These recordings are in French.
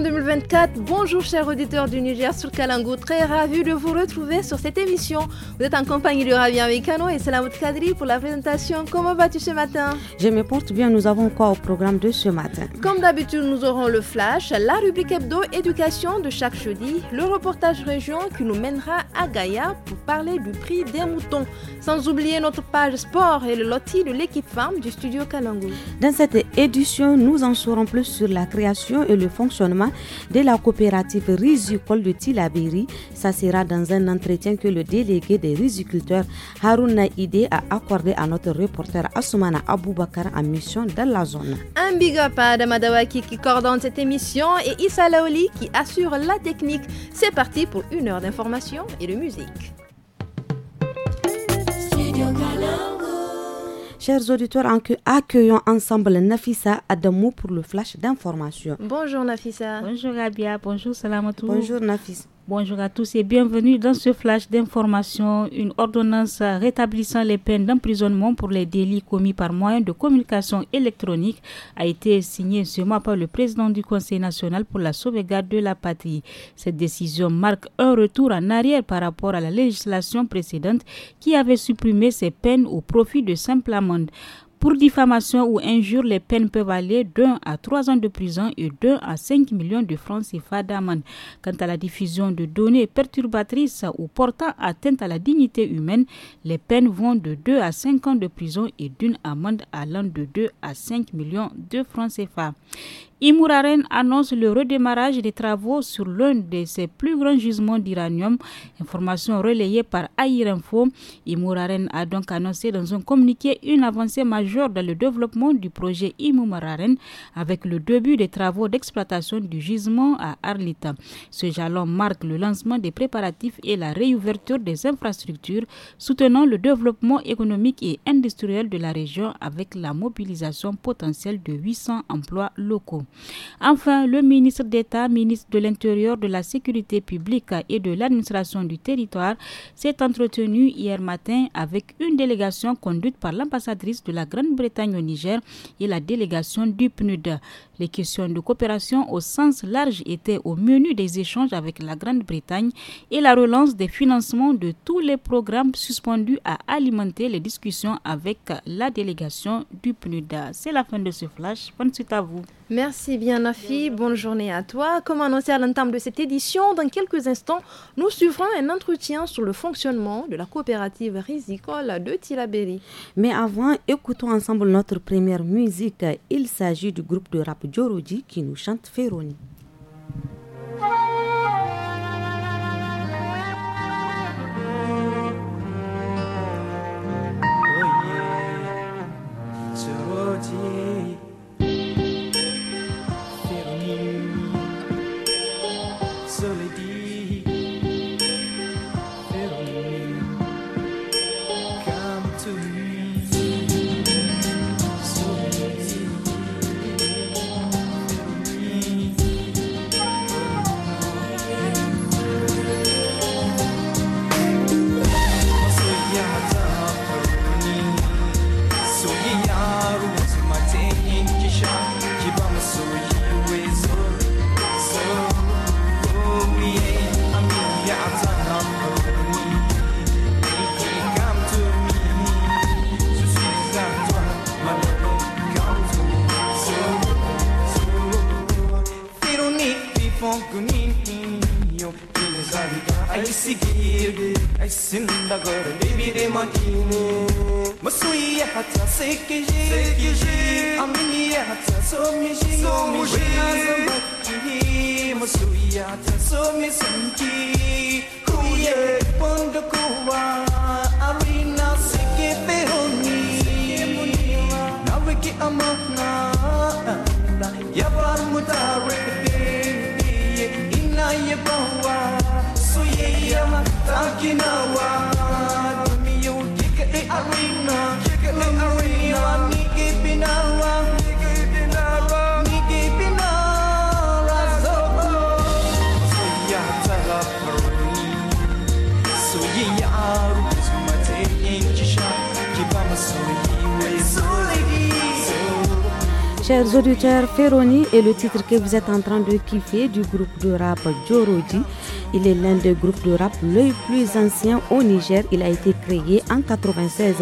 2024. Bonjour chers auditeurs du Niger sur Kalango, très ravi de vous retrouver sur cette émission. Vous êtes en compagnie de Ravi Amekano et Salamout Kadri pour la présentation. Comment vas-tu ce matin Je me porte bien, nous avons quoi au programme de ce matin Comme d'habitude, nous aurons le flash, la rubrique hebdo éducation de chaque jeudi, le reportage région qui nous mènera à Gaïa pour parler du prix des moutons, sans oublier notre page sport et le loti de l'équipe femme du studio Kalango. Dans cette édition, nous en saurons plus sur la création et le fonctionnement de la coopérative Rizicole de Tilabiri. Ça sera dans un entretien que le délégué des riziculteurs Haruna Idé, a accordé à notre reporter Asumana Aboubakar en mission dans la zone. Un big up à qui coordonne cette émission et Issa Laoli qui assure la technique. C'est parti pour une heure d'information et de musique. Studio chers auditeurs, accueillons ensemble Nafissa Adamou pour le flash d'information. Bonjour Nafissa. Bonjour Abia. Bonjour Salamatou. Bonjour Nafissa. Bonjour à tous et bienvenue dans ce flash d'information. Une ordonnance rétablissant les peines d'emprisonnement pour les délits commis par moyen de communication électronique a été signée ce mois par le président du Conseil national pour la sauvegarde de la patrie. Cette décision marque un retour en arrière par rapport à la législation précédente qui avait supprimé ces peines au profit de simples amendes. Pour diffamation ou injure, les peines peuvent aller d'un à trois ans de prison et d'un à 5 millions de francs CFA d'amende. Quant à la diffusion de données perturbatrices ou portant atteinte à la dignité humaine, les peines vont de 2 à 5 ans de prison et d'une amende allant de 2 à 5 millions de francs CFA. Imouraren annonce le redémarrage des travaux sur l'un de ses plus grands gisements d'uranium, information relayée par Aïr Info. Imouraren a donc annoncé dans un communiqué une avancée majeure dans le développement du projet Imouraren avec le début des travaux d'exploitation du gisement à Arlita. Ce jalon marque le lancement des préparatifs et la réouverture des infrastructures soutenant le développement économique et industriel de la région avec la mobilisation potentielle de 800 emplois locaux. Enfin, le ministre d'État, ministre de l'Intérieur, de la Sécurité publique et de l'administration du territoire s'est entretenu hier matin avec une délégation conduite par l'ambassadrice de la Grande-Bretagne au Niger et la délégation du PNUD. Les questions de coopération au sens large étaient au menu des échanges avec la Grande-Bretagne et la relance des financements de tous les programmes suspendus à alimenter les discussions avec la délégation du PNUDA. C'est la fin de ce flash. Bonne suite à vous. Merci bien, Nafi. Bonne journée à toi. Comme annoncé à l'entame de cette édition, dans quelques instants, nous suivrons un entretien sur le fonctionnement de la coopérative risicole de Tilaberi. Mais avant, écoutons ensemble notre première musique. Il s'agit du groupe de rap Djordji qui nous chante Féroni. Féroni Ferroni est le titre que vous êtes en train de kiffer du groupe de rap Jorodi. Il est l'un des groupes de rap le plus anciens au Niger. Il a été créé en 96,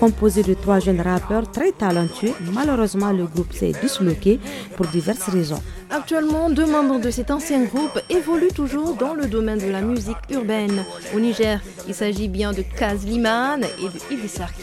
composé de trois jeunes rappeurs très talentueux. Malheureusement, le groupe s'est disloqué pour diverses raisons. Actuellement, deux membres de cet ancien groupe évoluent toujours dans le domaine de la musique urbaine au Niger. Il s'agit bien de Kaz Liman et de Ibisarki.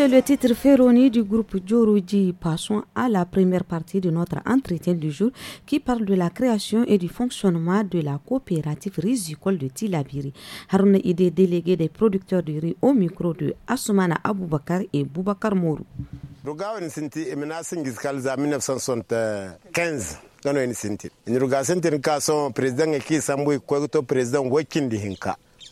C'était le titre Ferroni du groupe Djoroudi. Passons à la première partie de notre entretien du jour qui parle de la création et du fonctionnement de la coopérative risicole de Tilabiri. Haruna Idé, délégué des producteurs de riz au micro de Asumana Aboubakar et Boubakar Mourou. Rugawen sinti emina singis kalza 1975 gano en sinti. En ruga sinti est le président de sambu ko to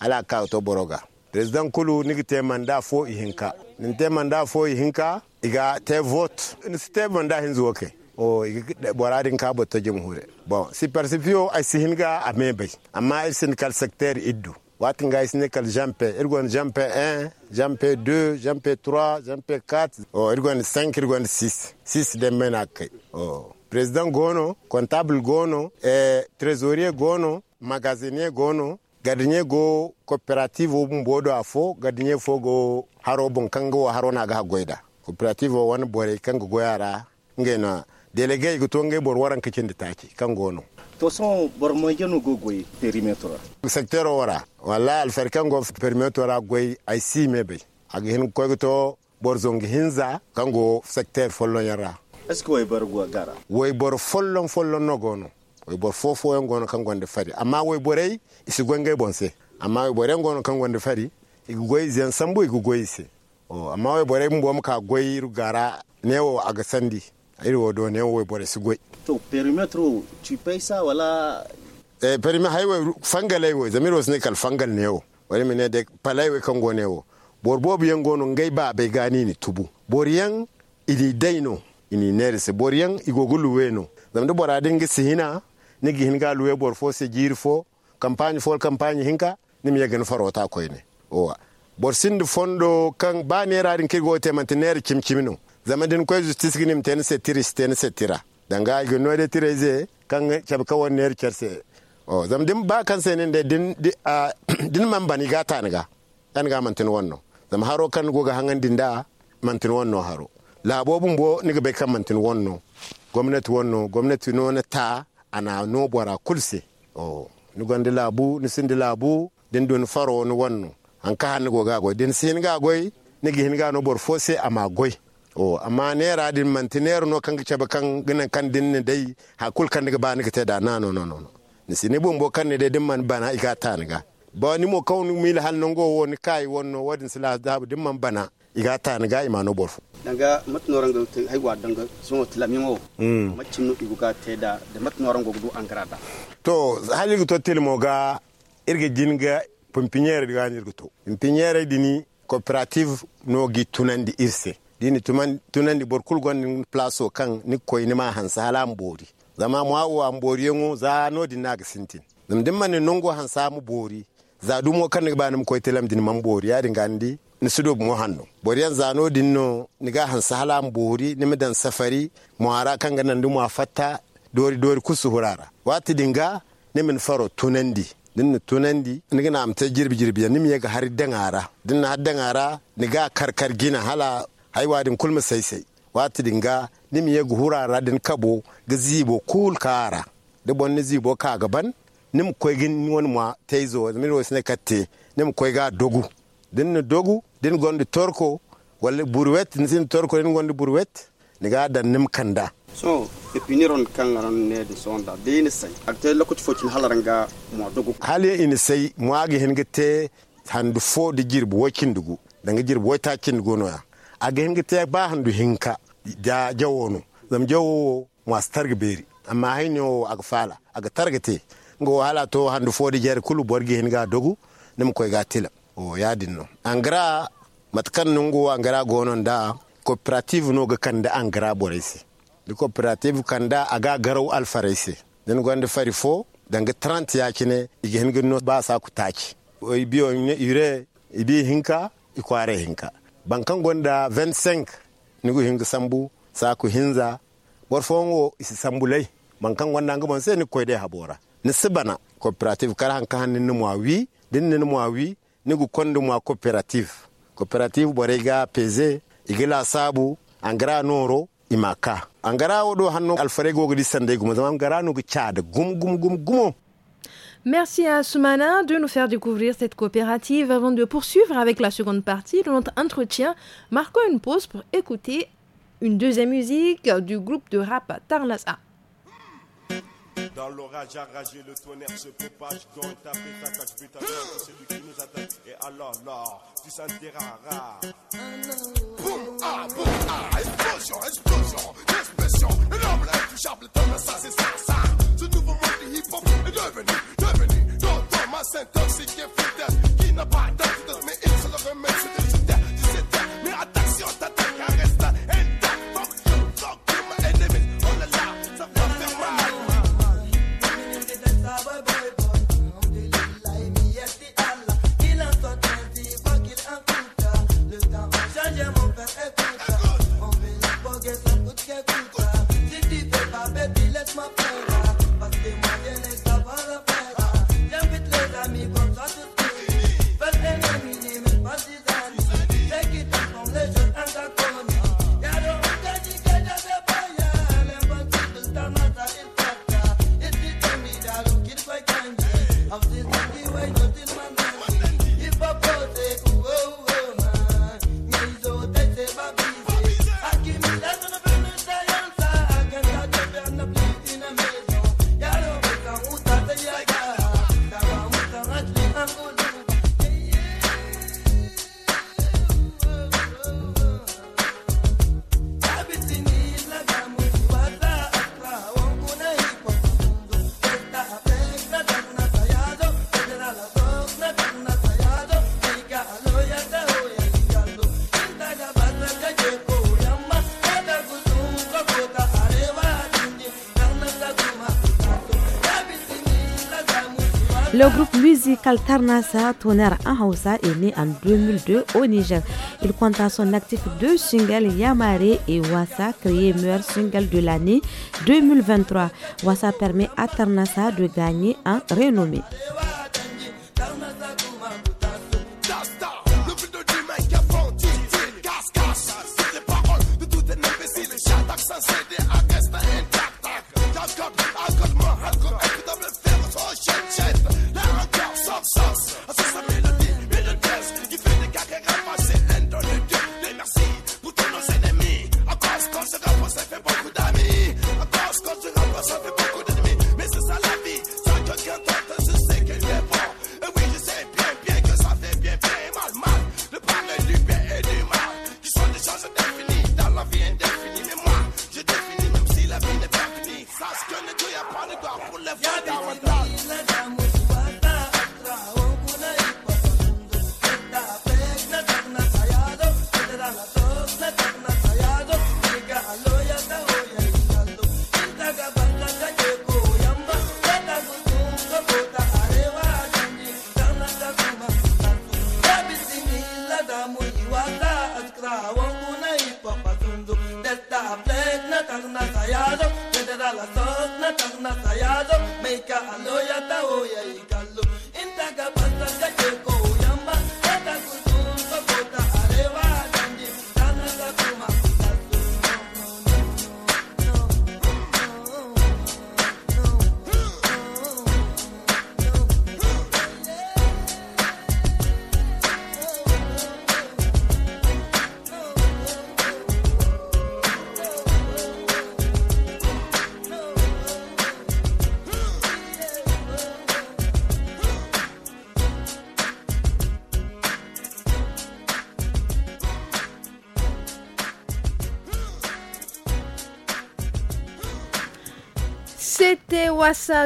ala ka boroga. président kulu nigi te manda fo i hinka nin te manda fo i hinka iga te vote ni si te manda hin zuwa o iga boradin ka bota jamhure bon si persifio ay si hinga a mebe amma il sin kal secteur iddu watin ga isne kal jampe irgon jampe 1 jampe 2 jampe 3 jampe 4 o irgon 5 irgon 6 6 de menake o president gono comptable gono e eh, trésorier gono magasinier gono gadinye go cooperative bun bodo afo gadinye go haro bun kango haro na ga goida cooperative wan bore kango goyara ngena delege go tonge bor waran kicin ditaki kango no to son bor mo jenu go goyi. perimetro secteur wara wala al fer kango perimeter goyi ay simebe agi hin ko to bor zong hinza kango secteur follo yara est ce bor go gara way bor follo follo no gono oy bor fofo yo gono kan gonde fari amma woy borey isi gonga bonse amma woy borey gono kan gonde fari igi goyi zen sambu igi goyi se o amma woy borey mbom ka goyi gara newo aga sandi iri wo do newo woy borey si goyi to perimetre tu payes wala e perimetre hay woy fangalay woy zamiro sne kal fangal newo wani mine de palay woy kan gone wo bor bobu yan gono ngai ba be gani ni tubu bor yan idi daino ini nerse bor yan igogulu weno zamde bora dingi sihina nigi hinga luwe bor fo se jiri fo campagne fol campagne hinka nimi yegen farota koyne owa bor sindi fondo kan banerarin kirgo temantinere kimkimino zamadin koy justice ginim ten se tiris ten se tira danga gi noyde tireze kan chab kawon ner kerse o zam dim ba kan se ne din din man bani gata nga an ga mantin wonno zam haro kan go ga hangan dinda mantin wonno haro labobun bo ni ga be kan mantin wonno gwamnati wonno gwamnati no na ta ana no bora kulse o ni gondi labu ni sindi labu din don faro ni wonno an ka han go gago din sin ga goy ni gihin ga no bor fose ama goy o amma nera din mantiner no kan ba kan gina kan din ne dai kul kan daga ni ta da na no no no ni sini bon bo kan ne dai din man bana iga ta ni ga ba ni mo kaunu mil hal no go woni kai wonno wadin sila da din man bana iga ta ni ga bor fo daga matnoran hmm. ga ta haihuwa ga sun wata lamin macin nufi guga ta da da matnoran ga gudu an garada to halin to tilmo ga irga jinga pimpinyere ga nirga to pimpinyere ni cooperative no gi da irse ni tunan da borkul gwanin place kan ni koi ni ma hansa halam bori zama mu awu am bori ngo za no dinaga sintin dum mani nongo hansa mu bori za dumo kan ba nim koy telam din man bori ya dinga ndi ni sudo mo hanno bori yan zano din no ni ga han sahala bori ni midan safari mo ara kan ga nan dumo fatta dori dori kusu hurara wati dinga ni min faro tunandi din ni tunandi ni ga am ta jirbi jirbi ni mi ga har dangara din na dangara ni ga karkar gina hala haiwa din kulma sai sai wati dinga ni mi ga hurara din kabo ga zibo kul kara da bonni zibo ka gaban nim koygin won ma teizo mi wo sine katte nim koyga dogu din dogu din gondi torko walla burwet sin torko din gondi burwet ga dan nem kanda so piniron kan ran ne de sonda de ni sai akte fo fokin halaranga mo dogu hali ini sai mo age hen gete handu fo de jirbu wakin dugu danga jirbu wata no ya age hen gete ba handu hinka da jawono zam jawo mo targa beri amma hayno ak fala aga targete ngo wala to handu fodi jere kulu borgi hen ga dogu nim koy ga tila o yadin no angra matkan nungu angra gonon da cooperative no ga kanda angra boresi di cooperative kanda aga garau alfaresi den gonde fari fo danga 30 yakine igi hen gino ba sa ku taki o biyo yure ibi hinka ikware hinka bankan gonda 25 nigu hinga sambu sa ku hinza borfo ngo isi sambulai bankan gonda ngabon sai ni koyi de habora nisibana cooperative kar hanka hanni ni mwa wi dinni ni wi gu cooperative cooperative bore ga peze igila sabu angara noro imaka angara wodo hanno alfare go gidi sande gumo zaman gara no chad gum gum gum gumo Merci à Soumana de nous faire découvrir cette coopérative. Avant de poursuivre avec la seconde partie de notre entretien, marquons une pause pour écouter une deuxième musique du groupe de rap Tarnas dans l'orage arragé, le tonnerre se propage. Dans ta pétaque, je vais ta lui qui nous attaque, Et alors, là, tu rare. Boum, ah, boum, ah, explosion, explosion, expression. Énorme, l'intouchable, t'aimes ça, c'est ça, ça. Ce nouveau monde du hip-hop est devenu, devenu. Dans ton masse et fidèle, qui n'a pas d'antidote, mais il se le remet, c'est des mais attention, si on t'attaque, Le groupe musical Tarnasa Tonnerre en est né en 2002 au Niger. Il compte à son actif deux singles Yamare et Wassa, créés meilleur single de l'année 2023. Wassa permet à Tarnasa de gagner en renommée.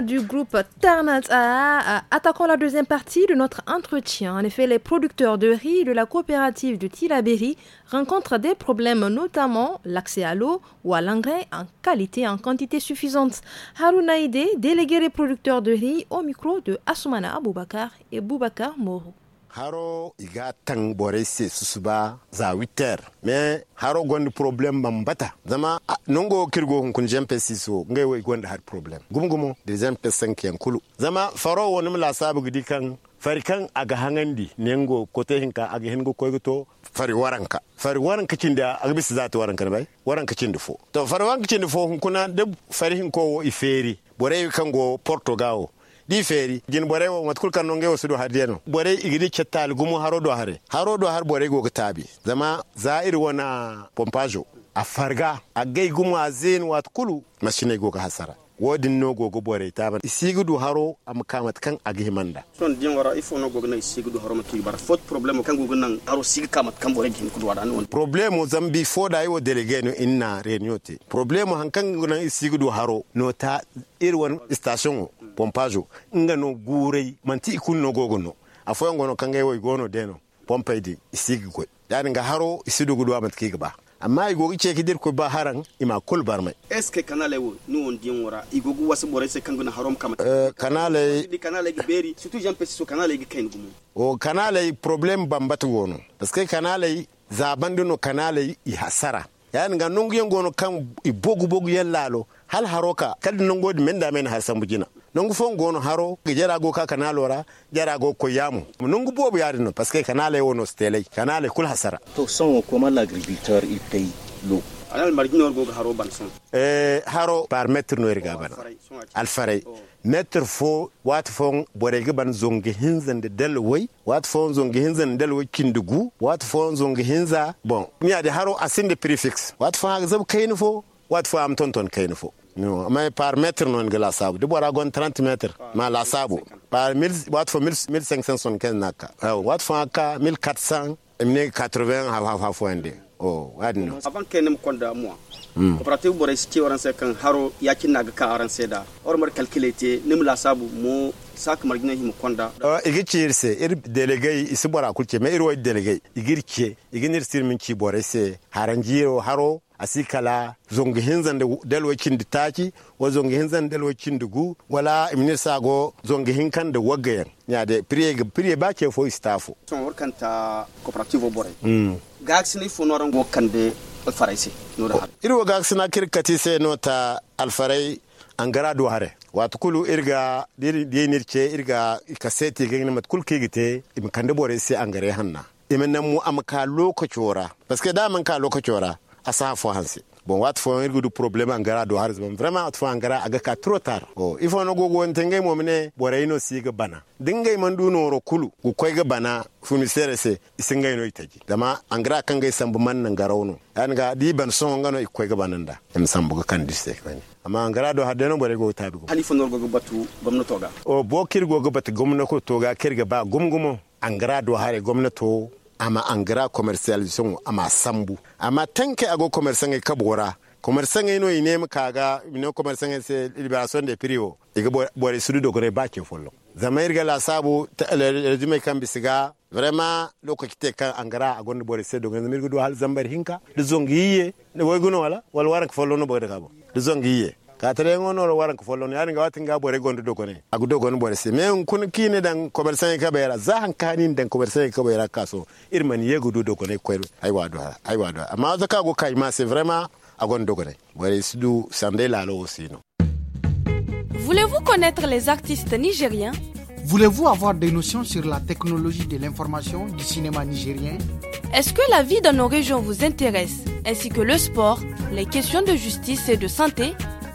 du groupe Tarnata. Attaquons la deuxième partie de notre entretien. En effet, les producteurs de riz de la coopérative de Tilaberi rencontrent des problèmes, notamment l'accès à l'eau ou à l'engrais en qualité et en quantité suffisante. Harunaïde, délégué des producteurs de riz, au micro de Asumana Aboubakar et Boubakar Moro. haro iga tan bore se susuba za witer me haro gondi problem bata. zama ah, nongo kirgo hunkun jempe siso ngai wai gondi har problem gumgumo de jempe sankiyan kulu zama faro wonum la sabu gidi kan fari kan aga hangandi nengo kote hinka aga hingo to. fari waranka fari waranka cinda aga bisa zata waranka bai waranka cinda fo to fari waranka cinda fo hunkuna de fari hinko wo iferi borewi kan go di feri gin bore wo matkul kan nonge wosudo hardeno bore igidi chetal gumu haro do hare haro do har bore go kitabi zama zair wana pompajo a farga a gai gumu a zin wat kulu masine go ka hasara wodin no gogo bore taban isigudu haro am kamat kan agihmanda son din wara ifo no go na isigudu haro ma kibar fot problem kan go nan haro sig kamat kan bore gin kudu wadan on problem zambi fo da yo delege no inna reniote problem han kan go na isigudu haro no ta irwan station nga no gurei manti ikunno gogono afoyo ngono kangai wo igono deno pompaidi isigi ko yani nga haro isidugu do amat kigba amma igogi ceki dir ko ba haran ima kul barmai eske kanale wo nu on din wora igogu wasu bore se kanguna haram kama uh, kanale di kanale gi beri surtout jean pesi so kanale gi kain gumu o kanale problem bambatu wono parce que kanale zabanduno kanale i hasara yani nga nungu yengono kan i bogu bogu yellalo hal haroka kadi nungodi men da men har sambujina nungu fon gono haro ke jara go ka kana lora jara go ko yamu nungu bobu yari no parce que kana le wono stele kana le kul hasara to son ko mal agriculteur il paye l'eau alal margino go haro ban son eh haro par mètre no riga bana al faray oh. mètre fo wat fon bore ge ban zongi hinzen de del way wat fon zongi hinzan del way kindugu wat fon zongi hinza bon miya de haro asinde prefix wat fon zab kayni fo wat fo am tonton kayni fo mais par mètre non que la sabu de bora gon 30 mètres ma la sabu par 1000 watt fo naka wat fo aka 1400 emne 80 ha ha fo ende oh wadno avant kenem konda moi coopérative bora ski waranse kan haro yakin naga ka aranse da or mar calculate nim la sabu mo sak margina himu konda igi chirse ir delegay isi bora kulce me ir way delegay igirke iginir sirmin ki bora se haranjiro haro asikala zongi hinzan da dalwakin da taki wa zongi hinzan dalwakin da gu wala imni sago zongi hinkan da wagayen ya da priye priye ba ke fo istafo son warkan ta cooperative bore mm gaxini fo noran wakan de alfaraisi nura irwa gaxina kirkati sai nota alfarai an gara do hare wato kulu irga nirce irga kaseti ganin mat kul kigite im kande bore sai an gare hanna imin nan mu am ka lokacora paske da man ka lokacora a sa fo hanse bon wat fo irgu du problème angara do haris bon vraiment wat fo en gara aga ka trop tard o il faut no gogo ntenge mo mine borayno siga bana dingay man du no ro kulu ku koy ga bana fu mi sere se isingay no itaji dama gara kan gay sambu man nan garawno an ga di ban so ngano ikoy ga bananda em sambu ga kan district bani amma an gara do hadde no bore go tabi go hali fo no gogo batu gomno toga o bo kir go batu gomno ko toga kirga ba gumgumo gara do hare gomnato ama angra commercialisation ama sambu ama tanke ago commerçant ka kabora commerçant no ine kaga no commerçant se liberation de prio go bore sudu dogore bake follo zama irga la sabu rejime kan bisiga vraiment ko kite kan angara a gonda bore se dogore ne irga do hal zambar hinka du zongiye ne boy guno wala wal waran folo no boy daga bo du zongiye ka ngono ro waran ko follon yani ga watin ga bore gondo do kone agu do gon bore se men kun kine dan ko ber sai ka bayra za han kanin dan ko ber sai ka bayra kaso irman yego do do kone ko ay wado ai wado amma za ka go kai ma c'est vraiment agon do kone bore sidu sande la lo aussi no Voulez-vous connaître les artistes nigériens Voulez-vous avoir des notions sur la technologie de l'information du cinéma nigérien Est-ce que la vie dans nos régions vous intéresse, ainsi que le sport, les questions de justice et de santé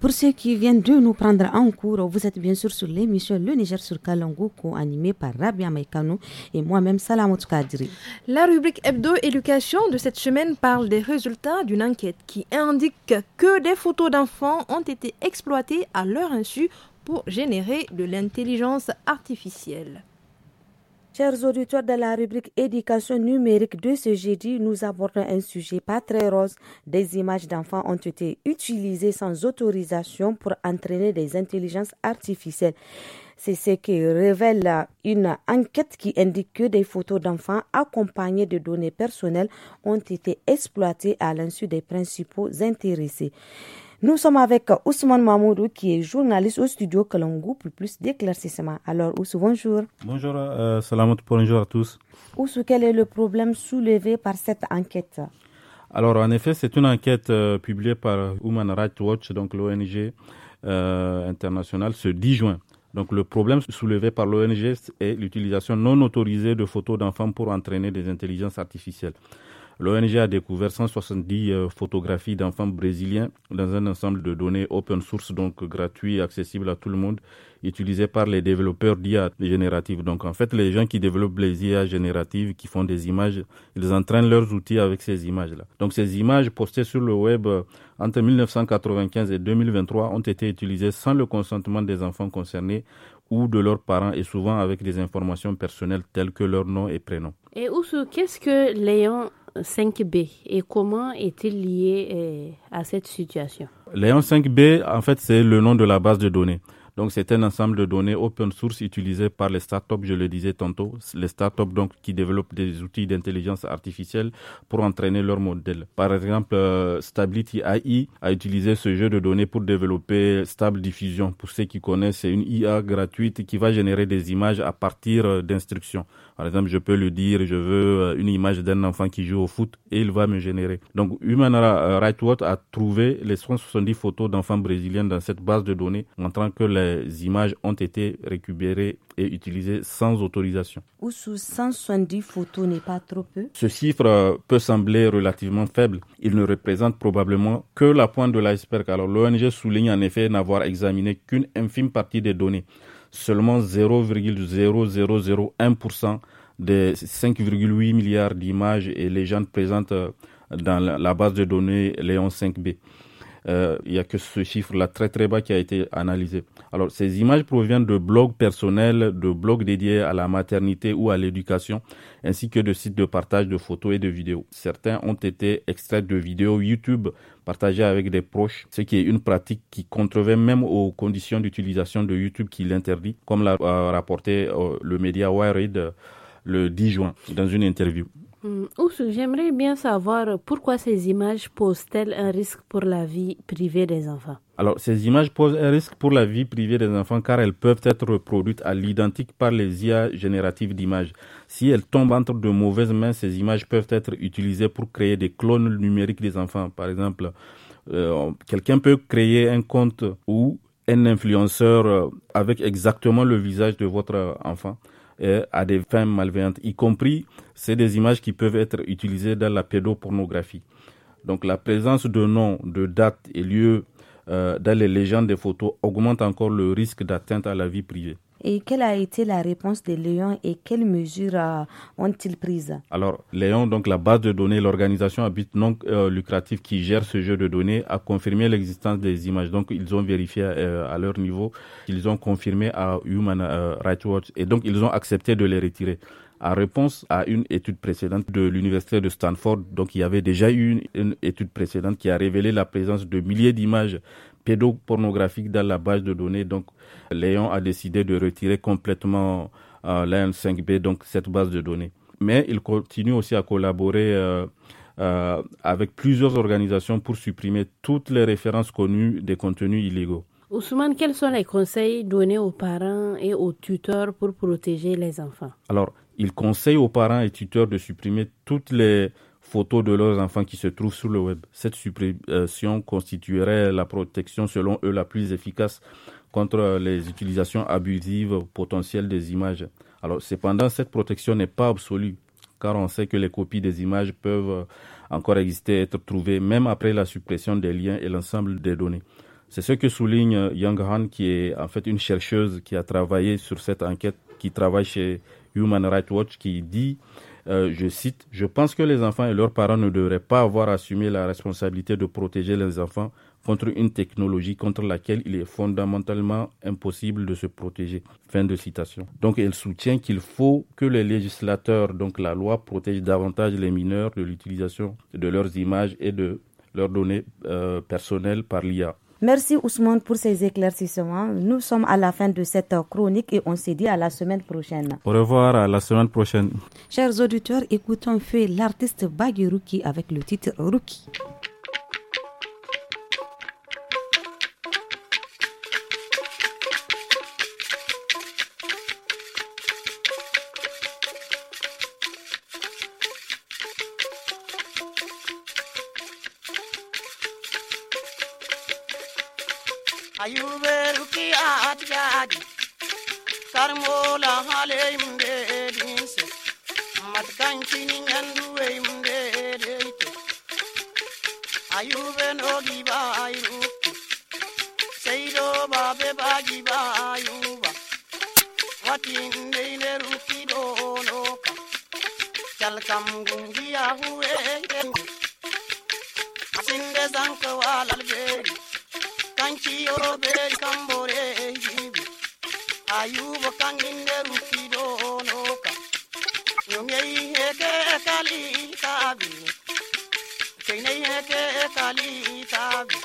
Pour ceux qui viennent de nous prendre en cours, vous êtes bien sûr sur l'émission Le Niger sur Kalongo, co-animée par Rabia Maïkano et moi-même Salamot Kadri. La rubrique Hebdo Éducation de cette semaine parle des résultats d'une enquête qui indique que des photos d'enfants ont été exploitées à leur insu pour générer de l'intelligence artificielle. Chers auditeurs de la rubrique éducation numérique de ce jeudi, nous abordons un sujet pas très rose. Des images d'enfants ont été utilisées sans autorisation pour entraîner des intelligences artificielles. C'est ce que révèle une enquête qui indique que des photos d'enfants accompagnées de données personnelles ont été exploitées à l'insu des principaux intéressés. Nous sommes avec Ousmane Mamoudou, qui est journaliste au studio Kalangou, pour plus d'éclaircissement. Alors, Ousmane bonjour. Bonjour, euh, bonjour à tous. Ousmane quel est le problème soulevé par cette enquête Alors, en effet, c'est une enquête euh, publiée par Human Rights Watch, donc l'ONG euh, internationale, ce 10 juin. Donc le problème soulevé par l'ONG est l'utilisation non autorisée de photos d'enfants pour entraîner des intelligences artificielles. L'ONG a découvert 170 euh, photographies d'enfants brésiliens dans un ensemble de données open source, donc gratuit, accessible à tout le monde, utilisé par les développeurs d'IA générative. Donc en fait, les gens qui développent les IA génératives, qui font des images, ils entraînent leurs outils avec ces images-là. Donc ces images postées sur le web euh, entre 1995 et 2023 ont été utilisées sans le consentement des enfants concernés ou de leurs parents et souvent avec des informations personnelles telles que leur nom et prénom. Et où qu'est-ce que Léon 5B et comment est-il lié euh, à cette situation Léon 5B, en fait, c'est le nom de la base de données. Donc, c'est un ensemble de données open source utilisées par les startups, je le disais tantôt, les startups donc qui développent des outils d'intelligence artificielle pour entraîner leur modèles. Par exemple, euh, Stability AI a utilisé ce jeu de données pour développer Stable Diffusion. Pour ceux qui connaissent, c'est une IA gratuite qui va générer des images à partir euh, d'instructions. Par exemple, je peux lui dire, je veux euh, une image d'un enfant qui joue au foot et il va me générer. Donc, Human euh, Rights Watch a trouvé les 170 photos d'enfants brésiliens dans cette base de données, montrant que les images ont été récupérées et utilisées sans autorisation. Ou sous 170 photos n'est pas trop peu Ce chiffre euh, peut sembler relativement faible. Il ne représente probablement que la pointe de l'iceberg. Alors, l'ONG souligne en effet n'avoir examiné qu'une infime partie des données seulement 0,0001% des 5,8 milliards d'images et légendes présentes euh, dans la base de données Léon 5B. Euh, il n'y a que ce chiffre-là très très bas qui a été analysé. Alors ces images proviennent de blogs personnels, de blogs dédiés à la maternité ou à l'éducation, ainsi que de sites de partage de photos et de vidéos. Certains ont été extraits de vidéos YouTube Partager avec des proches, ce qui est une pratique qui contrevient même aux conditions d'utilisation de YouTube qui l'interdit, comme l'a rapporté euh, le média Wired euh, le 10 juin dans une interview. Hmm. j'aimerais bien savoir pourquoi ces images posent-elles un risque pour la vie privée des enfants Alors, ces images posent un risque pour la vie privée des enfants car elles peuvent être reproduites à l'identique par les IA génératives d'images. Si elles tombent entre de mauvaises mains, ces images peuvent être utilisées pour créer des clones numériques des enfants. Par exemple, euh, quelqu'un peut créer un compte ou un influenceur euh, avec exactement le visage de votre enfant euh, à des fins malveillantes, y compris c'est des images qui peuvent être utilisées dans la pédopornographie. Donc la présence de noms, de dates et lieux euh, dans les légendes des photos augmente encore le risque d'atteinte à la vie privée. Et quelle a été la réponse des Léon et quelles mesures euh, ont-ils prises Alors, Léon, donc la base de données, l'organisation à but non euh, lucratif qui gère ce jeu de données, a confirmé l'existence des images. Donc, ils ont vérifié euh, à leur niveau, ils ont confirmé à Human Rights Watch et donc ils ont accepté de les retirer. En réponse à une étude précédente de l'université de Stanford, donc il y avait déjà eu une étude précédente qui a révélé la présence de milliers d'images pédopornographique dans la base de données. Donc, Léon a décidé de retirer complètement euh, l'AN5B, donc cette base de données. Mais il continue aussi à collaborer euh, euh, avec plusieurs organisations pour supprimer toutes les références connues des contenus illégaux. Ousmane, quels sont les conseils donnés aux parents et aux tuteurs pour protéger les enfants Alors, il conseille aux parents et tuteurs de supprimer toutes les photos de leurs enfants qui se trouvent sur le web. Cette suppression constituerait la protection selon eux la plus efficace contre les utilisations abusives potentielles des images. Alors cependant, cette protection n'est pas absolue, car on sait que les copies des images peuvent encore exister, être trouvées, même après la suppression des liens et l'ensemble des données. C'est ce que souligne Young Han, qui est en fait une chercheuse qui a travaillé sur cette enquête, qui travaille chez Human Rights Watch, qui dit euh, je cite, Je pense que les enfants et leurs parents ne devraient pas avoir assumé la responsabilité de protéger les enfants contre une technologie contre laquelle il est fondamentalement impossible de se protéger. Fin de citation. Donc elle soutient qu'il faut que les législateurs, donc la loi, protègent davantage les mineurs de l'utilisation de leurs images et de leurs données euh, personnelles par l'IA. Merci Ousmane pour ces éclaircissements. Nous sommes à la fin de cette chronique et on se dit à la semaine prochaine. Au revoir, à la semaine prochaine. Chers auditeurs, écoutons fait l'artiste Rookie avec le titre Rookie. ayuberuki atjaji karmola hale imde dinse matkanchini nyanduwe imde deite ayube nogi bayruki seido babe ayuba. bayuba watindeile ruki donoka chalkam gungiya huwe asinde zanko walalgeri kanciyo be kambore jibi ayubo kanginde rukido noka nyongei heke kali tabi keinei heke kali tabi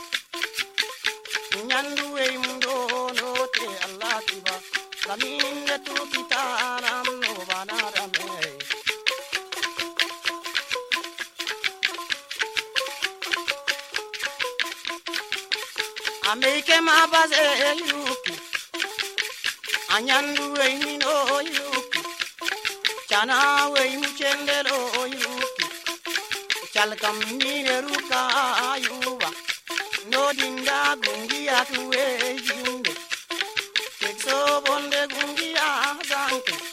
nyandu ei mundo note allah tiba laminde tu kitaram no banara ameke mabaze yuku anyandu weini no yuku chana weini chendelo yuku chalkam nire ruka ayuba no dinda gungi atuwe ah, eh, jinde tekso bonde eh, gungi azanke ah,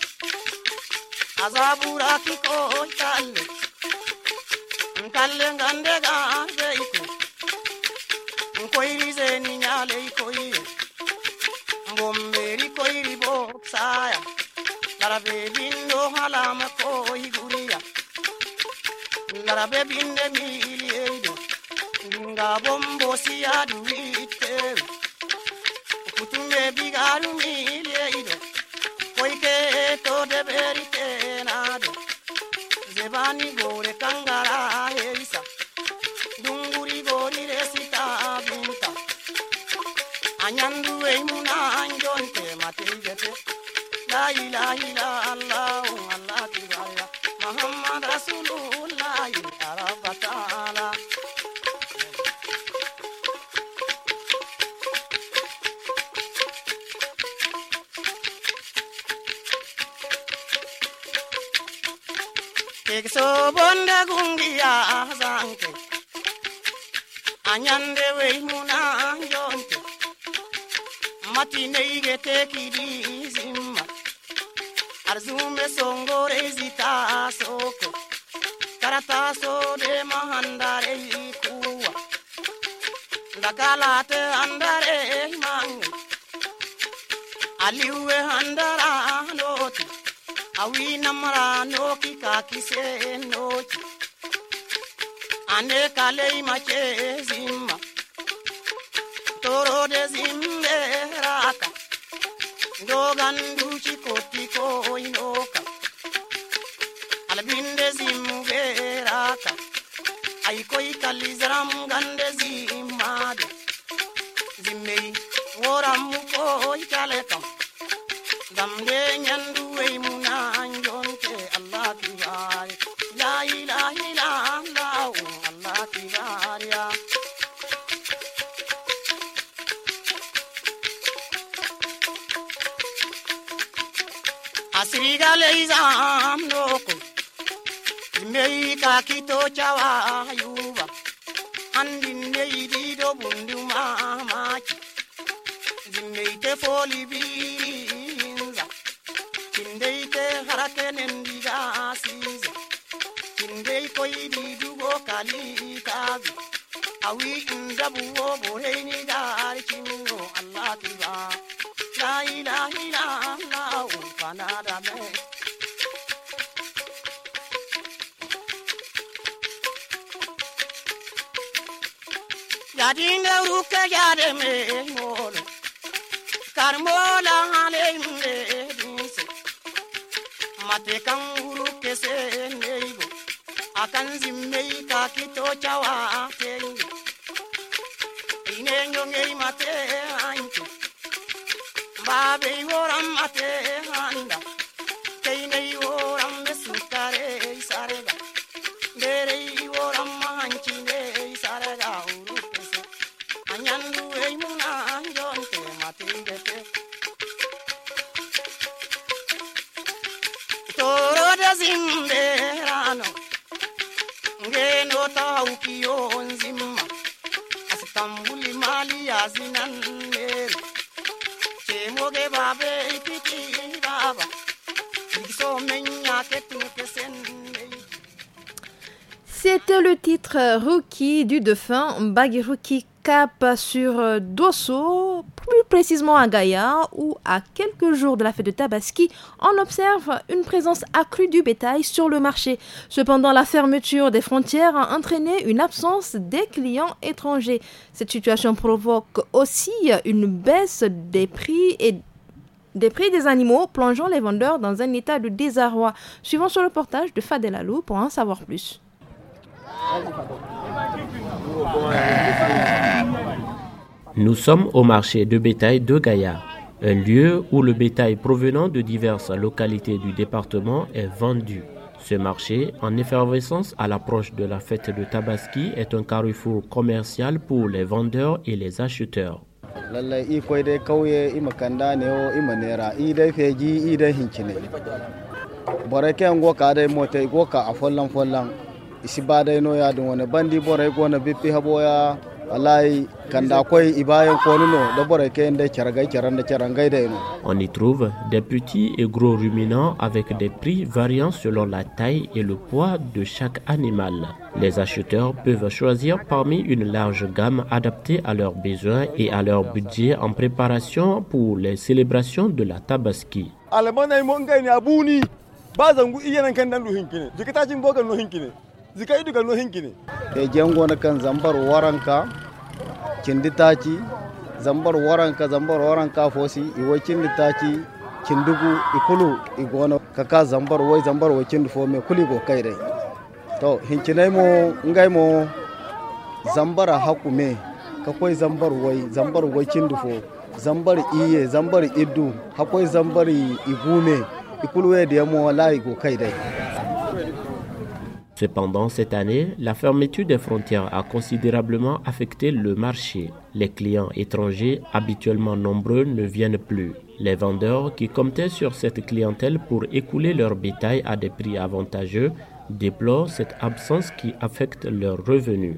eh. azabura kiko oh, talle nkalle ngandega ah, kara be binde miliyeydo dinga bombo siyadu witteru kutumbe bigaru miliyeydo koyke to deberitenado zebani gore kangara heisa dunguri gori resita binta anyandu eimunanjonte mateigete la ilaha illa allah so bonde gungiya zanke anyande wey muna jonte matine igete kidi zimma arzume songore zita soko karata so de mahandare kuwa ndakalate andare mangi aliwe handara no awi namara noki no nochi ane kalei mache zimma toro de zimme raka gandu chi koti ko inoka albinde zimbe raka ai koi kalizram gande zimmade zimmei woram ko ikale kam kito cha wayuba handinne yiɗiɗo bunduma maci jinneyte foli birinza kindeyte harakenen diga sisa kindey koyiɗiɗugo kalitabi awi ni boheyni dar cingo allah kiba la ilaha illa allah umfanadame አዲነሩ ከያደም ሞሎ ካርሞ ላሃሌም ዱንስ matekan wuru kese neibo akan zimmei ka kito chawa tengo ine nyongei mate ancho babe horam mate handa le titre euh, Rookie du Dauphin. Baggy Rookie Cap sur euh, Dosso, plus précisément à Gaïa, où à quelques jours de la fête de Tabaski, on observe une présence accrue du bétail sur le marché. Cependant, la fermeture des frontières a entraîné une absence des clients étrangers. Cette situation provoque aussi une baisse des prix et des prix des animaux, plongeant les vendeurs dans un état de désarroi. Suivons le portage de Fadelalou pour en savoir plus. Nous sommes au marché de bétail de Gaïa, un lieu où le bétail provenant de diverses localités du département est vendu. Ce marché, en effervescence à l'approche de la fête de Tabaski, est un carrefour commercial pour les vendeurs et les acheteurs on y trouve des petits et gros ruminants avec des prix variant selon la taille et le poids de chaque animal les acheteurs peuvent choisir parmi une large gamme adaptée à leurs besoins et à leur budget en préparation pour les célébrations de la tabaski zika idu gano hingine e eh, jengo na kan zambar waranka kindi taci zambar waranka zambar waranka fosi iwo kindi taci kindugu ikulu igono kaka zambar wai zambar wai kindu fome kuli go kai dai to hinki na mo ngai mo zambar a haku me, kakwai zambar wai zambar wai kindu fo zambar iye zambar idu, hakwai zambar igume ikulu wai da yamo wallahi go kai dai Cependant, cette année, la fermeture des frontières a considérablement affecté le marché. Les clients étrangers, habituellement nombreux, ne viennent plus. Les vendeurs qui comptaient sur cette clientèle pour écouler leur bétail à des prix avantageux déplorent cette absence qui affecte leurs revenus.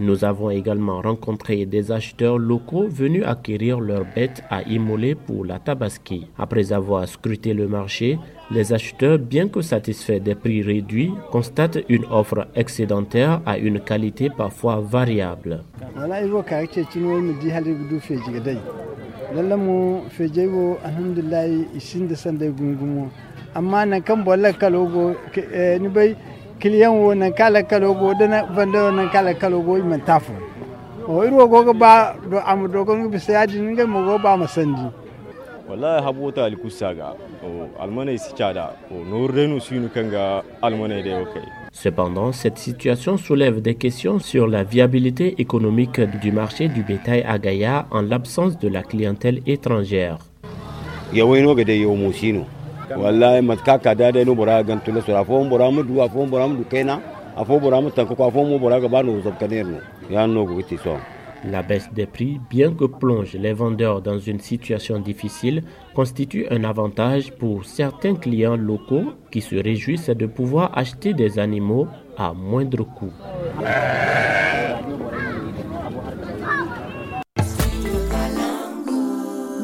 Nous avons également rencontré des acheteurs locaux venus acquérir leurs bêtes à immoler pour la tabaski. Après avoir scruté le marché, les acheteurs, bien que satisfaits des prix réduits, constatent une offre excédentaire à une qualité parfois variable amma nan kan bolla kalogo eh, ni bay kiliyan wo nan kala kalogo dana na banda nan kala kalogo man tafu o go goga ba do am do gon bi sayadi ninga mo go ba masandi wallahi habota alkusaga o almanai sichada o norrenu sinu kanga almanai de okay Cependant, cette situation soulève des questions sur la viabilité économique du marché du bétail à Gaïa en l'absence de la clientèle étrangère la baisse des prix, bien que plonge les vendeurs dans une situation difficile, constitue un avantage pour certains clients locaux qui se réjouissent de pouvoir acheter des animaux à moindre coût.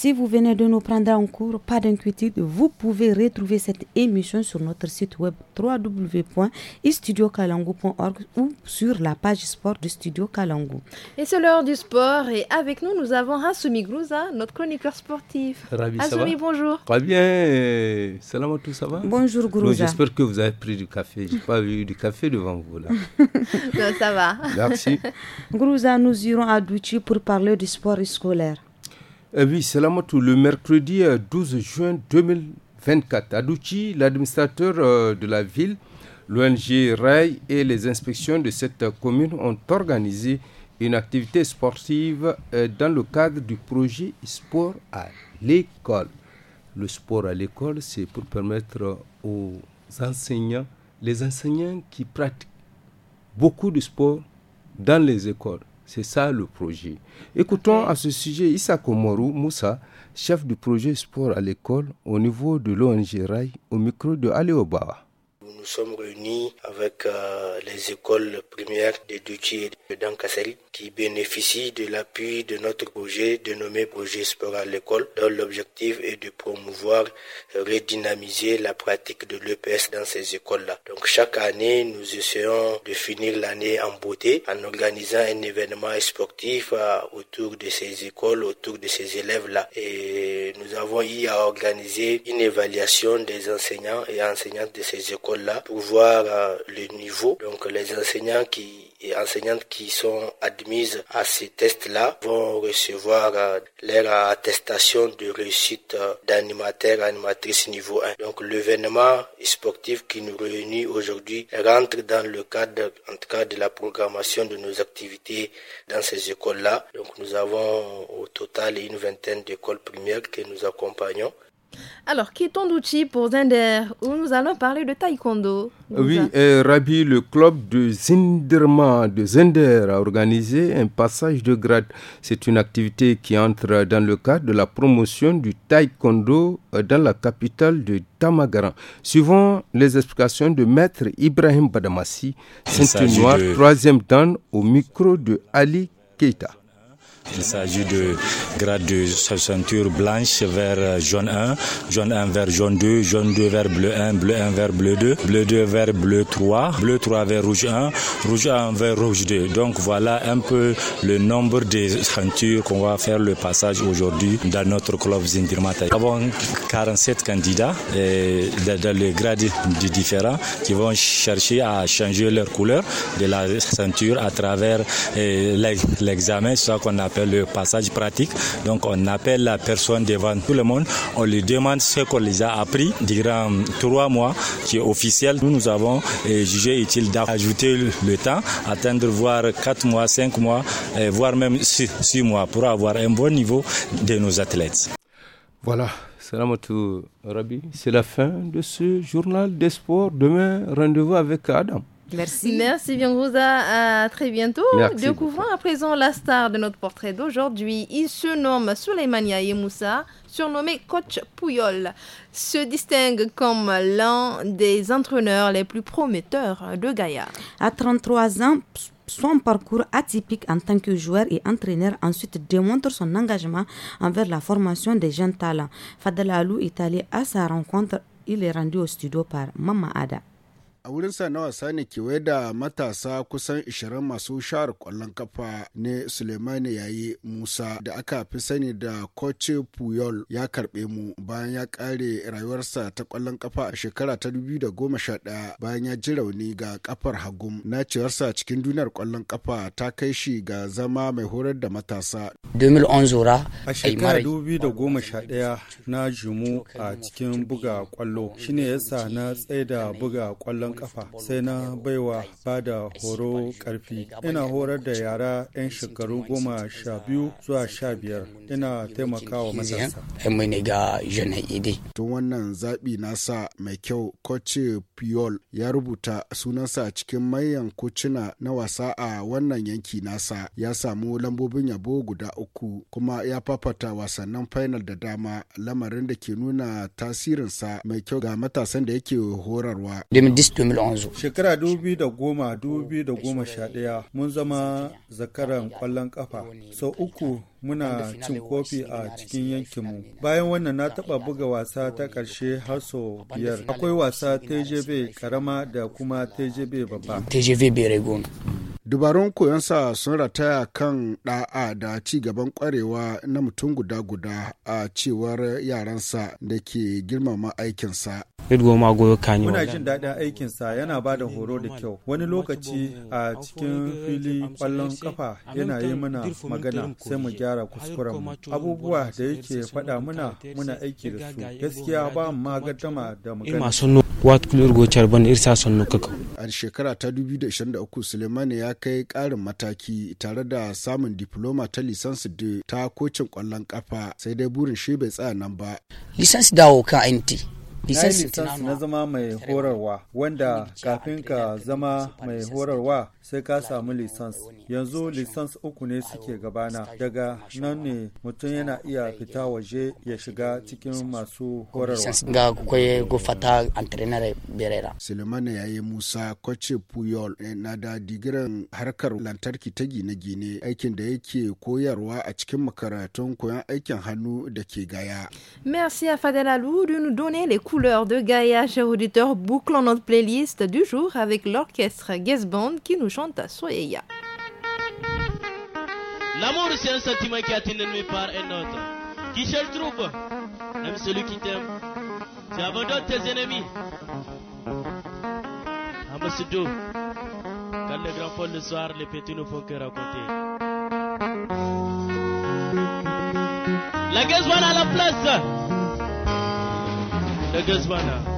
Si vous venez de nous prendre en cours, pas d'inquiétude, vous pouvez retrouver cette émission sur notre site web www.istudiocalango.org ou sur la page sport du Studio Kalango. Et c'est l'heure du sport et avec nous, nous avons Hassoumi Grouza, notre chroniqueur sportif. bonjour. Très bien. Salam à tous, ça va Bonjour Grouza. J'espère que vous avez pris du café. Je n'ai pas eu du café devant vous là. non, ça va. Merci. Grouza, nous irons à Douchi pour parler du sport scolaire c'est eh la moto. le mercredi 12 euh, juin 2024, à Douchi, l'administrateur euh, de la ville, l'ONG RAI et les inspections de cette commune ont organisé une activité sportive euh, dans le cadre du projet Sport à l'école. Le sport à l'école, c'est pour permettre aux enseignants, les enseignants qui pratiquent beaucoup de sport dans les écoles, c'est ça le projet. Écoutons à ce sujet Issa Komoru Moussa, chef du projet sport à l'école au niveau de l'ONG RAI, au micro de Obawa sommes réunis avec euh, les écoles primaires de Duchi et de qui bénéficient de l'appui de notre projet dénommé Projet Sport à l'école, dont l'objectif est de promouvoir, euh, redynamiser la pratique de l'EPS dans ces écoles-là. Donc chaque année, nous essayons de finir l'année en beauté en organisant un événement sportif euh, autour de ces écoles, autour de ces élèves-là. Et nous avons eu à organiser une évaluation des enseignants et enseignantes de ces écoles-là pour voir euh, le niveau. Donc les enseignants et enseignantes qui sont admises à ces tests-là vont recevoir euh, leur attestation de réussite euh, d'animateur animatrice niveau 1. Donc l'événement sportif qui nous réunit aujourd'hui rentre dans le cadre en tout cas de la programmation de nos activités dans ces écoles-là. Donc nous avons au total une vingtaine d'écoles primaires que nous accompagnons. Alors, ton d'outils pour Zinder, où nous allons parler de taekwondo. oui, Rabi, le club de Zinderma de Zinder a organisé un passage de grade. C'est une activité qui entre dans le cadre de la promotion du taekwondo euh, dans la capitale de Tamagaran. Suivant les explications de maître Ibrahim Badamassi, Saint-Noir, troisième dan, au micro de Ali Keita. Il s'agit de grade de ceinture blanche vers jaune 1, jaune 1 vers jaune 2, jaune 2 vers bleu 1, bleu 1 vers bleu 2, bleu 2 vers bleu 3, bleu 3 vers rouge 1, rouge 1 vers rouge 2. Donc voilà un peu le nombre des ceintures qu'on va faire le passage aujourd'hui dans notre club Zindirmata. Nous avons 47 candidats dans les grades différents qui vont chercher à changer leur couleur de la ceinture à travers eh, l'examen, ce qu'on appelle euh, le passage pratique. Donc on appelle la personne devant tout le monde, on lui demande ce qu'on les a appris durant trois mois, qui est officiel. Nous, nous avons euh, jugé utile d'ajouter le temps, attendre voire quatre mois, cinq mois, euh, voire même six, mois pour avoir un bon niveau de nos athlètes. Voilà, Salamatou Rabi, c'est la fin de ce journal d'espoir. Demain, rendez-vous avec Adam. Merci. Merci À très bientôt. Merci Découvrons à présent la star de notre portrait d'aujourd'hui. Il se nomme Souleymania Yemoussa, surnommé Coach Pouyol. Se distingue comme l'un des entraîneurs les plus prometteurs de Gaïa. À 33 ans, son parcours atypique en tant que joueur et entraîneur ensuite démontre son engagement envers la formation des jeunes talents. Fadel Alou est allé à sa rencontre. Il est rendu au studio par Mama Ada. a wurinsa na wasa ne kewaye da matasa kusan 20 masu shahar kwallon kafa ne suleimani yayi musa da aka fi sani da koce puyol ya karbe mu bayan ya kare rayuwarsa ta kwallon kafa a shekara ta 2011 bayan ya ji rauni ga kafar hagum nacewarsa cikin duniyar kwallon kafa ta kai shi ga zama mai horar da matasa a shekara 2011 na jimu a cikin buga kwallo shine yasa na tsaida buga kwallon ƙwallon kafa sai na baiwa ba da horo karfi ina horar da yara 'yan shekaru goma sha biyu zuwa sha biyar ina taimakawa matasa tun wannan zaɓi nasa mai kyau koce piol ya rubuta sunansa a cikin manyan kucina na wasa a wannan yanki nasa ya samu lambobin yabo guda uku kuma ya fafata wasannin final da dama lamarin da ke nuna tasirinsa mai kyau ga matasan da yake horarwa 2011. Shekara 2010-2011 mun zama zakaran kwallon kafa sau uku muna cin kofi a cikin yankinmu bayan wannan na taɓa buga wasa ta ƙarshe har sau biyar akwai wasa tjb karama da kuma tjb babba dubarun sa sun rataya kan da'a da ci gaban kwarewa na mutum guda guda a cewar yaransa da ke girmama aikinsa muna jin daɗin aikinsa yana ba da horo da kyau wani lokaci a cikin fili kwallon kafa yana yi mana magana sai mu gyara gyara kuskurenmu abubuwa da yake faɗa muna muna aiki da su gaskiya ba mu magatama da magana a shekara ta 2023 sulemani ya kai ƙarin mataki tare da samun diploma ta lisansi ta kocin ƙwallon kafa sai dai burin shi bai tsaya nan ba lisansi dawo kan lisans na zama mai horarwa wanda kafin ka zama mai horarwa sai ka samu lisans yanzu lisans uku ne suke gabana daga nan ne mutum yana iya fita waje ya shiga cikin masu horarwa sulemana ya yi musa kwace puyol eh, na da digiran harkar lantarki ta gine-gine aikin da yake koyarwa a cikin makarantun koyon aikin hannu da ke gaya merci couleur de Gaïa, chers auditeurs, bouclons notre playlist du jour avec l'orchestre Guest Band qui nous chante Soyeya. L'amour, c'est un sentiment qui atteint l'ennemi par un autre. Qui cherche trouve, même celui qui t'aime. Tu abandonnes tes ennemis. Ambassadou, quand le grand pôle le soir, les petits nous font que raconter. La Guest Band à la place. da Gazbana.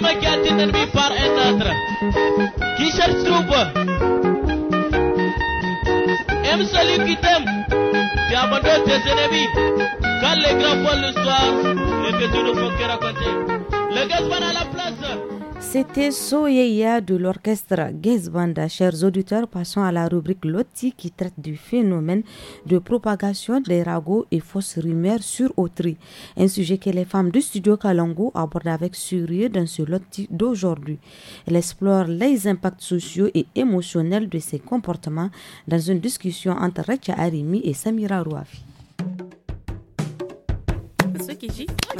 ultima gâtine în mi par enatra. Em salu kitem. Te amândoi te zenebi. Ca le grafă lui soar. Le gătinu făcăra cote. Le găt à la place. C'était Soyeya de l'orchestre banda Chers auditeurs, passons à la rubrique Loti qui traite du phénomène de propagation des ragots et fausses rumeurs sur autrui. Un sujet que les femmes du studio Kalongo abordent avec sérieux dans ce Loti d'aujourd'hui. Elles explorent les impacts sociaux et émotionnels de ces comportements dans une discussion entre Recha Arimi et Samira Rouafi.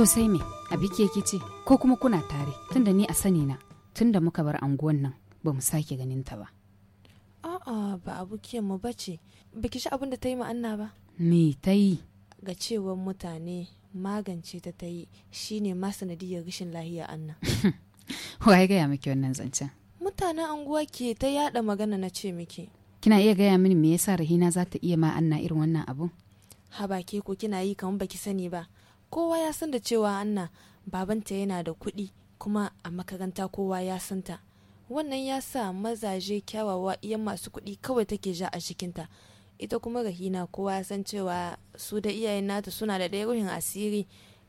to sai me abi ke ce ko kuma kuna tare tunda ni a sani na tunda muka bar anguwan nan ba mu sake ganin ta ba a'a ba abokiyar mu ce. biki shi abin da ta yi ma Anna ba me ta yi ga cewar mutane magance ta ta yi ne ma sanadiyar rashin lahiya Anna. Wai gaya miki wannan zancen? Mutanen anguwa ke ta yada magana na ce miki. Kina iya gaya mini me yasa Rahina za ta iya ma Anna irin wannan abu. Ha ke ko kina yi kamar baki sani ba. kowa ya san da cewa anna babanta yana da kuɗi kuma a makaranta kowa ya santa wannan ya sa mazaje kyawawa iyan masu kuɗi kawai take ja a cikinta ita kuma rahina kowa ya san cewa su da iyayen nata suna da ɗaya ruhin asiri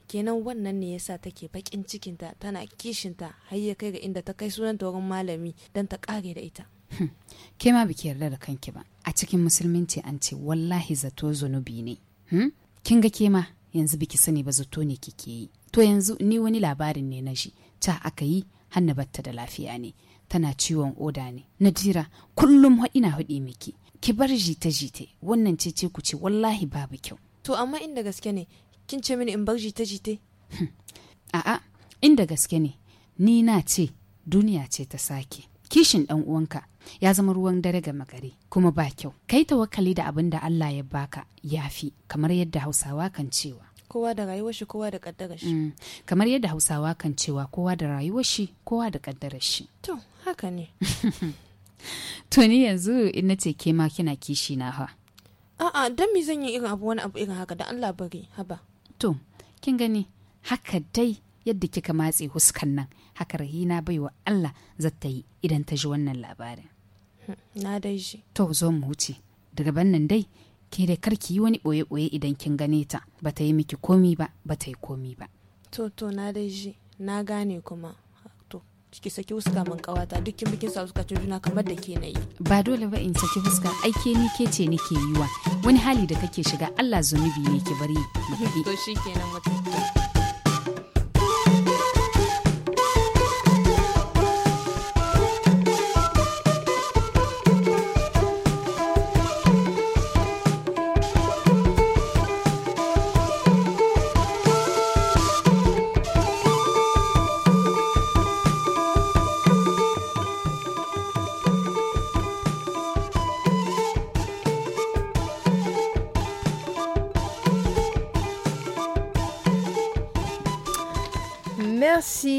kenan wannan ne yasa take bakin cikinta tana kishinta har ya kai ga inda ta kai sunan wurin malami don ta ƙare da ita hmm. ke ma biki yarda da kanki ba a cikin musulminci an ce wallahi zato zunubi ne hmm? kin ga ke ma yanzu biki sani ba zato ne kike yi to yanzu ni wani labarin ne na shi ta aka yi hanna batta da lafiya ne tana ciwon oda ne nadira kullum haɗi na haɗi miki ki bar jita jite wannan ce ce ku ce wallahi babu kyau to amma inda gaske ne kin ce mini in bar jita jite hmm. a'a inda gaske ne ni na ce duniya ce ta sake kishin dan uwanka ya zama ruwan dare ga magare kuma ba kyau kai tawakkali da abin da Allah ya baka yafi kamar yadda Hausawa kan cewa kowa da rayuwar shi kowa da kaddarar shi mm. kamar yadda Hausawa kan cewa kowa da rayuwar shi kowa da kaddarar shi to haka ne to ni yanzu in nace ke ma kina kishi na ha a'a dan me zan yi irin abu wani abu irin haka da Allah bari haba to kin gani haka dai yadda kika matse huskan nan haka rahina baiwa Allah zata yi idan ta ji wannan labarin. Na dai shi. To zo mu wuce. Daga bannan dai ke da karki yi wani ɓoye-ɓoye idan kin gane ta ba ta yi miki komi ba ba ta yi komi ba. To to na dai shi na gane kuma. ki saki fuska min kawata duk kin bikin sa huska juna kamar da ke nayi. Ba dole ba in saki fuska ai ke ni ke ce nake yiwa wani hali da kake shiga Allah zunubi ne ki bari. To shikenan mutum.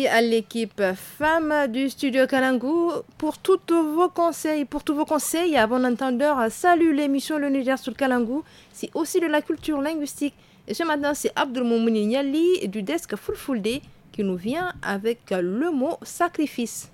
à l'équipe femme du studio Kalangu pour tous vos conseils, pour tous vos conseils. À bon entendeur, salut l'émission Le Niger sur le Kalangu. C'est aussi de la culture linguistique. Et ce matin, c'est Abdul Moumouni Niali du desk Full Full qui nous vient avec le mot sacrifice.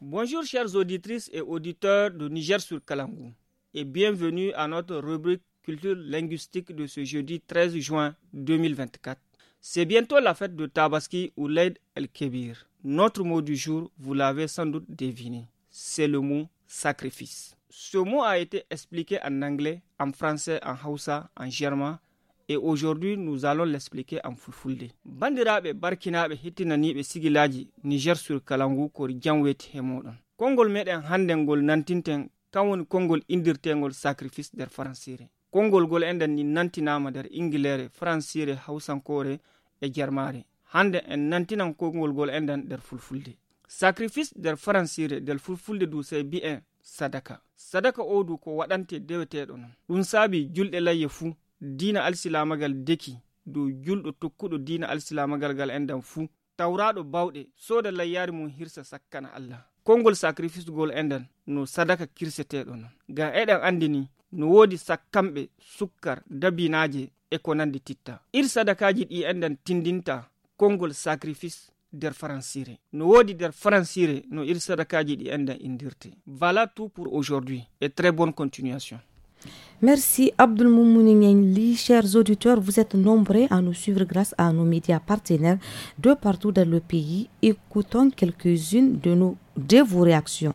Bonjour chers auditrices et auditeurs de Niger sur Kalangou et bienvenue à notre rubrique culture linguistique de ce jeudi 13 juin 2024 c'est bientôt la fête de Tabaski ou l'Aïd el-Kébir. Notre mot du jour, vous l'avez sans doute deviné, c'est le mot sacrifice. Ce mot a été expliqué en anglais, en français, en hausa, en germain et aujourd'hui nous allons l'expliquer en fulfulde barkinabe hitinani be sigilaji niger sur kalangu kori jam weti he met en un hannden ngol nantinten kawon kongol konngol sacrifice der francire Kongol gol enden ni nantinama der ingilere francire hausankore e jermare hande en nantinan kogol gol enden nder fulfulde sacrifice nder faransire nder fulfulde du sey bi'e sadaka sadaka o du ko waɗante deweteɗo non ɗum saabi julɗe layye fuu dina alsilamagal deki dow julɗo tokkuɗo dina alsilamagal ngal enden fuu tawraɗo bawɗe sooda layyari mum hirsa sakkana allah kongol sacrifice gol enden no sadaka kirseteɗo non ngam eɗen andini no woodi sakkamɓe sukkar dabinaje e ko nandi titta ir sadakaji ɗi enɗen tindinta kongol sacrifice nder faransire no wodi nder faransire no ir sadakaji ɗi enɗen indirte voilà tout pour aujourd'hui et très bonne continuation Merci Abdul Moumouni Chers auditeurs, vous êtes nombreux à nous suivre grâce à nos médias partenaires de partout dans le pays. Écoutons quelques-unes de, nos, de vos réactions.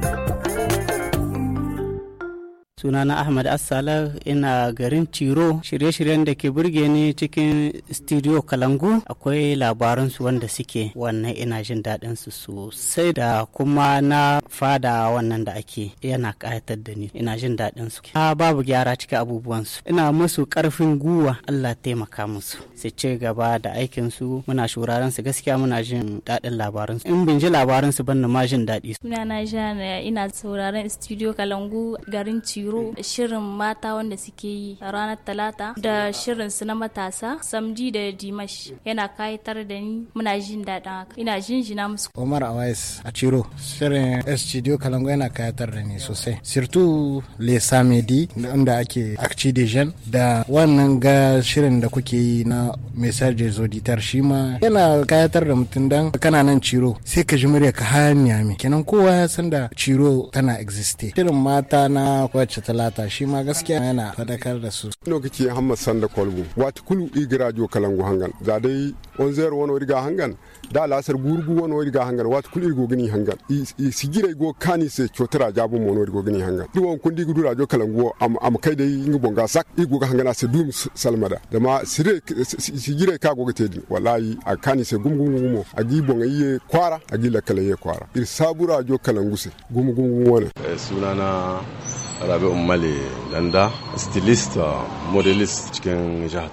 sunana ahmad assala ina garin ciro shirye-shiryen da ke burge ni cikin studio kalangu akwai labaransu wanda suke wannan ina jin daɗin su sosai da kuma na fada wannan da ake yana ƙayatar da ni ina jin daɗin su a ah, babu gyara cikin abubuwan su ina musu ƙarfin guwa allah taimaka musu su ci gaba da aikin su muna shuraren su gaskiya muna jin daɗin labaran in bin ji labaran su ban ma jin daɗi sunana jana ina sauraron studio kalangu garin ciro biro shirin mata wanda suke yi a ranar talata da shirin su na matasa samji da dimash yana kayatar da ni muna jin daɗin haka ina jinjina musu omar awais a ciro shirin studio kalango yana kayatar da ni sosai surtout les samedi inda ake akci de jeune da wannan ga shirin da kuke yi na message auditeur shi ma yana kayatar da mutum dan kana nan ciro sai ka ji murya ka hanya kenan kowa ya san da ciro tana existe shirin mata na wacce ta talata shi ma gaskiya yana fadakar da su lokaci hamad sanda kolbu wata kulu igirajo kalangu hangan zadai 101 riga hangan da lasar gurgu won wori ga hangal wat kul irgo gini hangan i sigire go kani se chotara jabu mon wori go gini hangal di won kundi gudu rajo kalango am am kai dai ingi bonga sak go ga hangana se dum salmada da ma sire sigire ka go tedi wallahi a kani se gum gum gumo agi bonga iye kwara agi la kala ye kwara ir sabura rajo kalangu se gum gum wona eh, sunana rabi ummali landa stylist modelist cikin jihar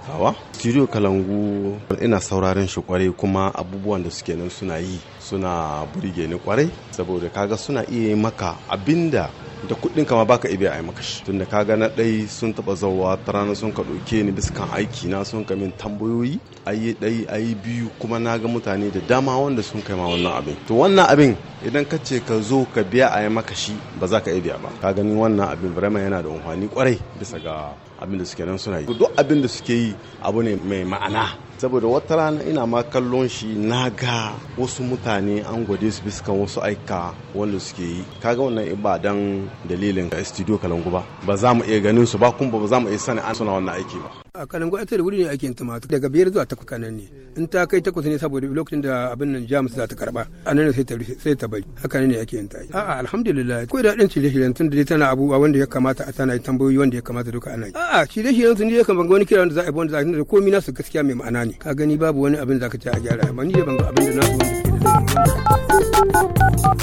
studio kalangu ina sauraron shi kwarai kuma abubuwan da suke nan suna yi suna burge ni kwarai saboda kaga suna iya yi maka abinda da kuɗin kama baka ibe a maka shi tunda kaga na ɗai sun taba zawa ta rana sun ka ni biskan aiki na sun ka min tambayoyi ayi ɗai ayi biyu kuma na ga mutane da dama wanda sun kai ma wannan abin to wannan abin idan ka ce ka zo ka biya a maka shi ba za ka iya ba ka gani wannan abin vraiment yana da umfani kwarai bisa ga abin suke nan suna yi duk abin da suke yi abu ne mai ma'ana saboda wata rana ina ma kallon shi na ga wasu mutane an gwade su bisa wasu aika wanda suke yi kaga wannan ibadan dalilin ga studio kalangu ba ba za mu iya ganin su ba kuma ba za mu iya sani an suna wannan aiki ba a kalangu ita da wuri ne aikin tumatur daga biyar zuwa takwas kanan ne in ta kai takwas ne saboda lokacin da abin nan jamus za ta karba a nan sai ta sai ta bari haka ne ake yin ta a'a alhamdulillah ko da din shirye shiryen tun da tana abubuwa wanda ya kamata a tana tambayoyi wanda ya kamata duka ana yi a'a shirye shiryen da ya kamata wani kira wanda za a yi wanda za a yi komai nasu gaskiya mai ma'ana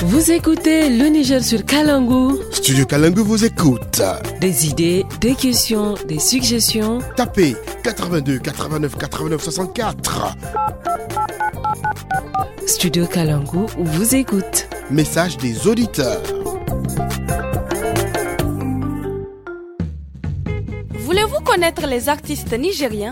Vous écoutez le Niger sur Kalangu. Studio Kalangu vous écoute. Des idées, des questions, des suggestions. Tapez 82 89 89 64. Studio Kalangu vous écoute. Message des auditeurs. Voulez-vous connaître les artistes nigériens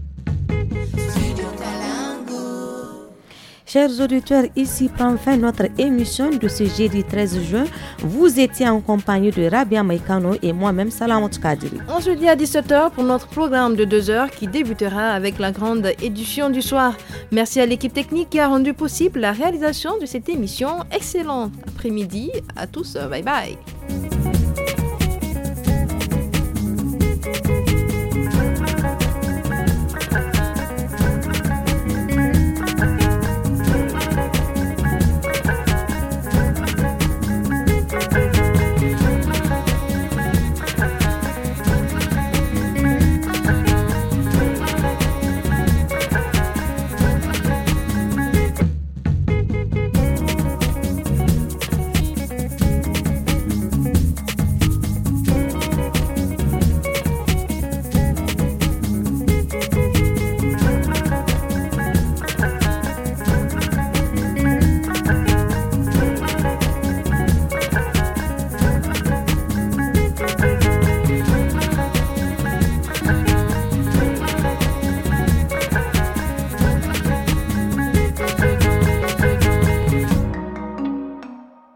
Chers auditeurs, ici prend fin notre émission de ce jeudi 13 juin. Vous étiez en compagnie de Rabia Maikano et moi-même Salam Kadiri. On se dit à 17h pour notre programme de 2h qui débutera avec la grande édition du soir. Merci à l'équipe technique qui a rendu possible la réalisation de cette émission. excellente. après-midi à tous. Bye bye.